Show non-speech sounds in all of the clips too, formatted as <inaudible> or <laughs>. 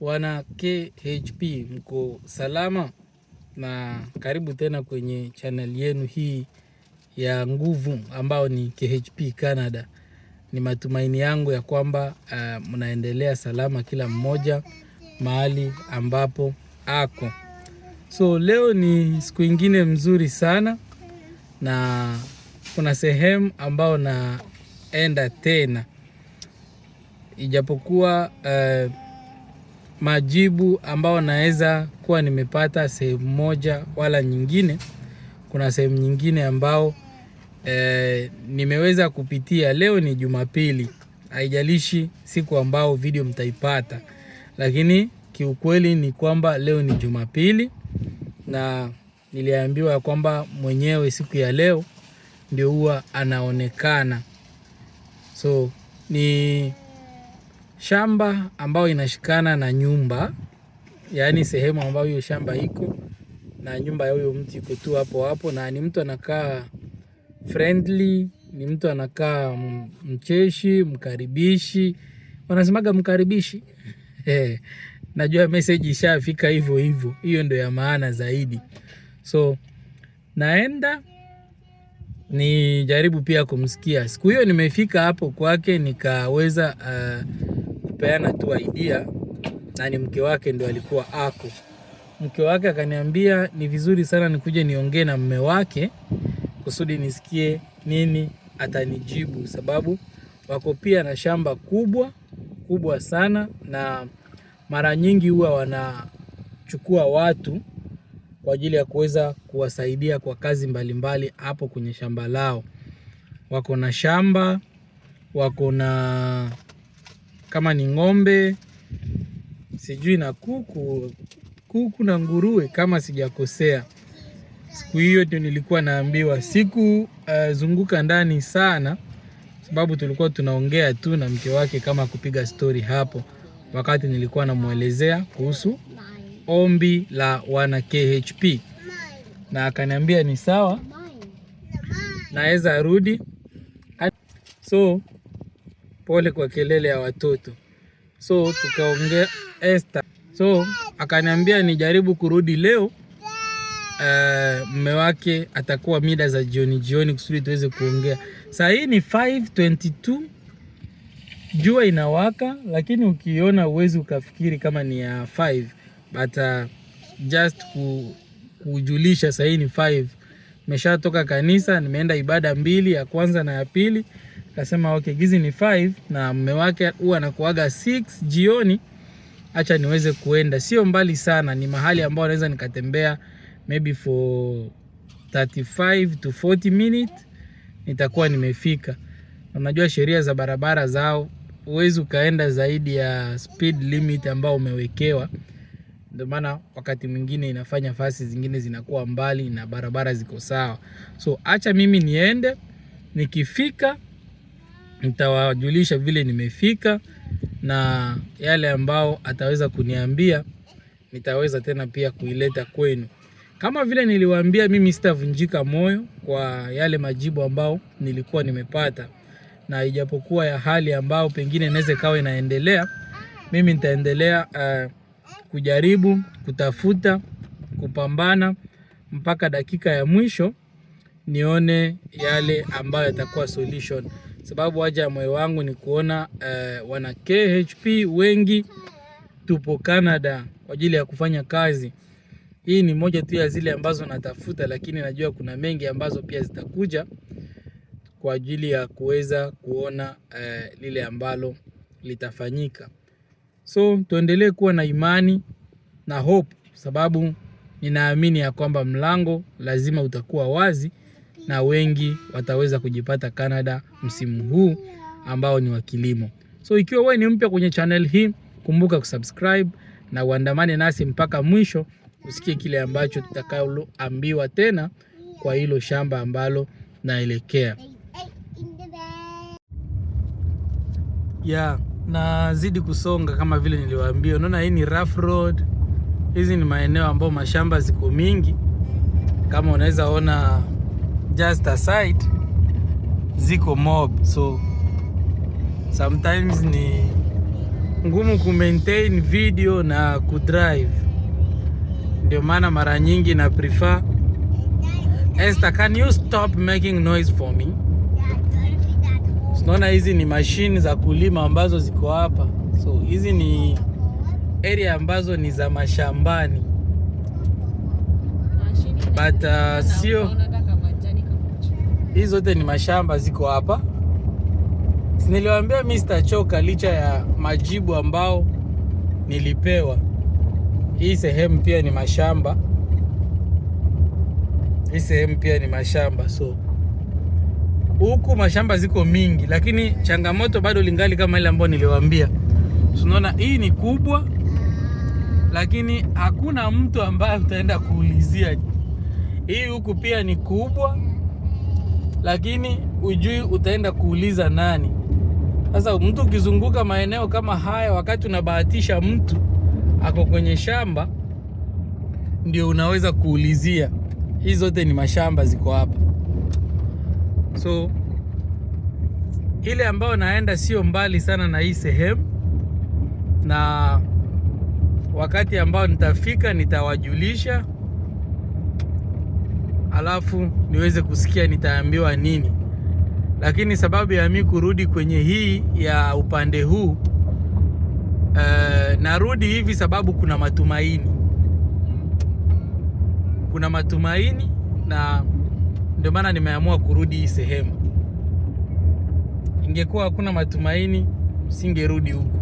Wana KHP mko salama na karibu tena kwenye channel yenu hii ya nguvu ambao ni KHP Canada. Ni matumaini yangu ya kwamba uh, mnaendelea salama kila mmoja mahali ambapo ako. So leo ni siku ingine mzuri sana na kuna sehemu ambao naenda tena ijapokuwa uh, majibu ambayo naweza kuwa nimepata sehemu moja wala nyingine. Kuna sehemu nyingine ambao e, nimeweza kupitia. Leo ni Jumapili, haijalishi siku ambao video mtaipata, lakini kiukweli ni kwamba leo ni Jumapili na niliambiwa kwamba mwenyewe siku ya leo ndio huwa anaonekana so ni shamba ambayo inashikana na nyumba, yaani sehemu ambayo hiyo shamba iko na nyumba ya huyo mtu iko tu hapo hapo, na ni mtu anakaa friendly, ni mtu anakaa mcheshi, mkaribishi. Wanasemaga mkaribishi <laughs> eh, najua message ishafika hivyo hivyo, hiyo ndio ya maana zaidi. So naenda nijaribu pia kumsikia. Siku hiyo nimefika hapo kwake nikaweza uh, kupeana tu idea na ni mke wake ndo alikuwa ako. Mke wake akaniambia ni vizuri sana nikuje niongee na mme wake kusudi nisikie nini atanijibu, sababu wako pia na shamba kubwa kubwa sana, na mara nyingi huwa wanachukua watu kwa ajili ya kuweza kuwasaidia kwa kazi mbalimbali hapo kwenye shamba lao. Wako na shamba, wako na kama ni ng'ombe sijui na kuku kuku na nguruwe kama sijakosea. Siku hiyo ndio nilikuwa naambiwa, siku uh, ndani sana, sababu tulikuwa tunaongea tu na mke wake kama kupiga stori hapo, wakati nilikuwa namwelezea kuhusu ombi la wana KHP, na akaniambia ni sawa, naweza rudi so pole kwa kelele ya watoto. So tukaongea Esther, so akaniambia nijaribu kurudi leo eh, mume uh, wake atakuwa mida za jioni jioni kusudi tuweze kuongea. Saa hii ni 5:22 jua inawaka, lakini ukiona uwezi ukafikiri kama ni ya 5 but uh, just ku, kujulisha saa hii ni 5. Nimeshatoka kanisa, nimeenda ibada mbili, ya kwanza na ya pili. Kasema okay, Gizi ni 5 na mume wake huwa anakuaga 6 jioni, acha niweze kuenda, sio mbali sana, ni mahali ambao naweza nikatembea maybe for 35 to 40 minutes nitakuwa nimefika. Unajua sheria za barabara zao, huwezi ukaenda zaidi ya speed limit ambao umewekewa. Ndio maana wakati mwingine inafanya fasi zingine zinakuwa mbali na barabara ziko sawa, so acha mimi niende, nikifika nitawajulisha vile nimefika na yale ambao ataweza kuniambia nitaweza tena pia kuileta kwenu. Kama vile niliwaambia, mimi sitavunjika moyo kwa yale majibu ambao nilikuwa nimepata, na ijapokuwa ya hali ambao pengine inaweza ikawa inaendelea, mimi nitaendelea uh, kujaribu kutafuta, kupambana mpaka dakika ya mwisho nione yale ambayo yatakuwa solution sababu haja ya moyo wangu ni kuona uh, wana KHP wengi tupo Canada kwa ajili ya kufanya kazi. Hii ni moja tu ya zile ambazo natafuta, lakini najua kuna mengi ambazo pia zitakuja kwa ajili ya kuweza kuona uh, lile ambalo litafanyika. So tuendelee kuwa na imani na hope, sababu ninaamini ya kwamba mlango lazima utakuwa wazi na wengi wataweza kujipata Canada msimu huu ambao ni wa kilimo. So ikiwa wewe ni mpya kwenye channel hii, kumbuka kusubscribe na uandamane nasi mpaka mwisho usikie kile ambacho tutakayoambiwa tena kwa hilo shamba ambalo naelekea. Yeah, nazidi kusonga kama vile niliwaambia. Unaona hii ni rough road. Hizi ni maeneo ambayo mashamba ziko mingi kama unaweza ona just aside ziko mob, so sometimes ni ngumu ku maintain video na ku drive. Ndio maana mara nyingi na prefer Esther, can you stop making noise for me? Unaona hizi ni mashine za kulima ambazo ziko hapa, so hizi ni area ambazo ni za mashambani but uh, sio hizi zote ni mashamba ziko hapa. Niliwaambia mimi sitachoka licha ya majibu ambao nilipewa. Hii sehemu pia ni mashamba, hii sehemu pia ni mashamba. So huku mashamba ziko mingi, lakini changamoto bado lingali kama ile ambayo niliwaambia. Unaona, hii ni kubwa, lakini hakuna mtu ambaye utaenda kuulizia. Hii huku pia ni kubwa lakini ujui utaenda kuuliza nani. Sasa mtu ukizunguka maeneo kama haya, wakati unabahatisha mtu ako kwenye shamba, ndio unaweza kuulizia. Hii zote ni mashamba ziko hapa, so ile ambayo naenda sio mbali sana na hii sehemu, na wakati ambao nitafika nitawajulisha alafu niweze kusikia nitaambiwa nini. Lakini sababu ya mi kurudi kwenye hii ya upande huu e, narudi hivi sababu kuna matumaini, kuna matumaini, na ndio maana nimeamua kurudi hii sehemu. Ingekuwa hakuna matumaini, msingerudi huku.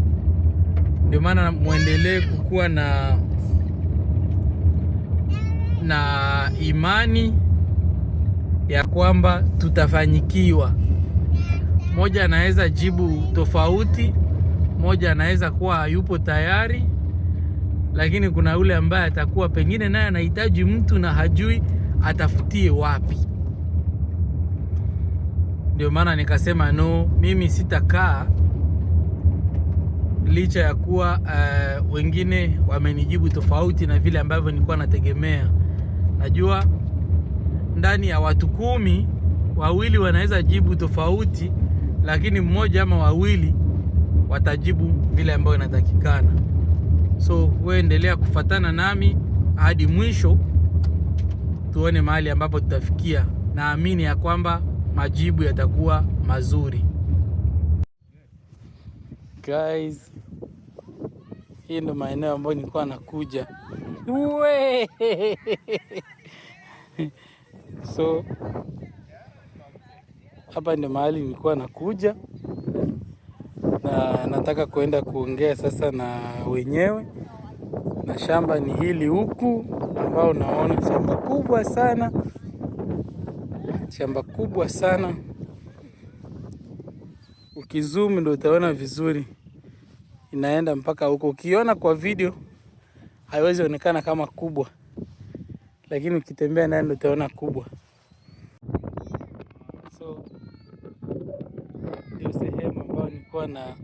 Ndio maana muendelee kukuwa na na imani ya kwamba tutafanyikiwa. moja anaweza jibu tofauti, moja anaweza kuwa hayupo tayari, lakini kuna yule ambaye atakuwa pengine naye anahitaji mtu na hajui atafutie wapi. Ndio maana nikasema no, mimi sitakaa licha ya kuwa uh, wengine wamenijibu tofauti na vile ambavyo nilikuwa nategemea. Najua ndani ya watu kumi wawili wanaweza jibu tofauti, lakini mmoja ama wawili watajibu vile ambayo inatakikana. So wewe endelea kufatana nami hadi mwisho, tuone mahali ambapo tutafikia. Naamini ya kwamba majibu yatakuwa mazuri. Guys, hii ndo maeneo ambayo nilikuwa nakuja Uwe. So hapa ndio mahali nilikuwa nakuja na nataka kuenda kuongea sasa na wenyewe, na shamba ni hili huku, ambao naona shamba kubwa sana, shamba kubwa sana. Ukizoom ndio utaona vizuri, inaenda mpaka huko, ukiona kwa video haiwezi onekana kama kubwa, lakini ukitembea ndani ndio utaona kubwa. So ndio sehemu ambayo nilikuwa na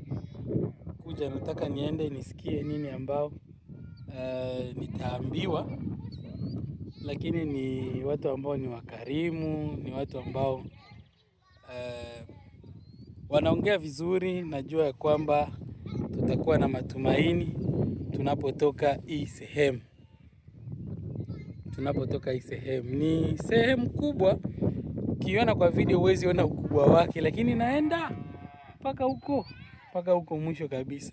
kuja, nataka niende nisikie nini ambao uh, nitaambiwa, lakini ni watu ambao ni wakarimu, ni watu ambao uh, wanaongea vizuri. Najua ya kwamba tutakuwa na matumaini tunapotoka hii sehemu, tunapotoka hii sehemu. Ni sehemu kubwa, ukiona kwa video huwezi ona ukubwa wake, lakini naenda mpaka huko mpaka huko mwisho kabisa,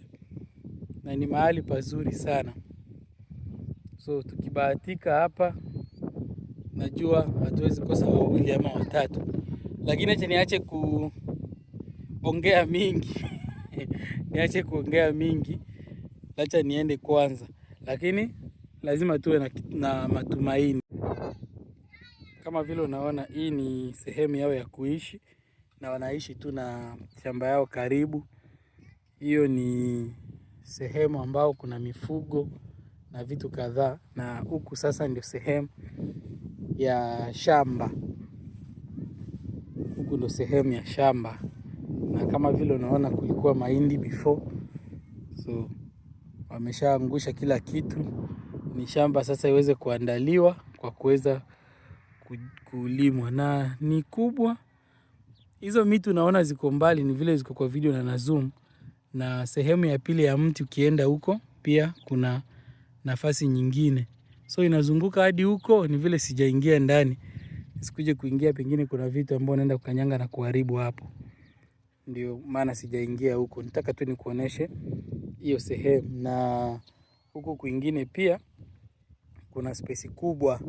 na ni mahali pazuri sana. So tukibahatika hapa, najua hatuwezi kosa wawili ama watatu, lakini acha niache kuongea mingi <laughs> niache kuongea mingi lacha niende kwanza, lakini lazima tuwe na, na matumaini. Kama vile unaona, hii ni sehemu yao ya kuishi na wanaishi tu na shamba yao karibu. Hiyo ni sehemu ambao kuna mifugo na vitu kadhaa, na huku sasa ndio sehemu ya shamba, huku ndio sehemu ya shamba, na kama vile unaona kulikuwa mahindi before so wameshaangusha kila kitu. Ni shamba sasa iweze kuandaliwa kwa kuweza kulimwa, na ni kubwa. Hizo miti unaona ziko mbali, ni vile ziko kwa video na na zoom. Na sehemu ya pili ya mti ukienda huko pia kuna nafasi nyingine, so inazunguka hadi huko. Ni vile sijaingia ndani, sikuje kuingia, pengine kuna vitu ambao naenda kukanyanga na kuharibu hapo ndio maana sijaingia huko. Nitaka tu nikuoneshe hiyo sehemu, na huku kwingine pia kuna spesi kubwa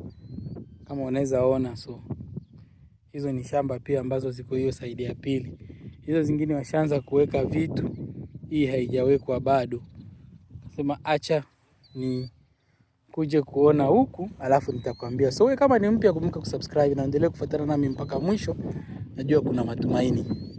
kama unaweza ona. So hizo ni shamba pia ambazo ziko hiyo saidi ya pili. Hizo zingine washaanza kuweka vitu, hii haijawekwa bado. Sema acha ni kuje kuona huku, alafu nitakwambia. So we kama ni mpya, kumbuka kusubscribe na endelee kufuatana nami mpaka mwisho. Najua kuna matumaini.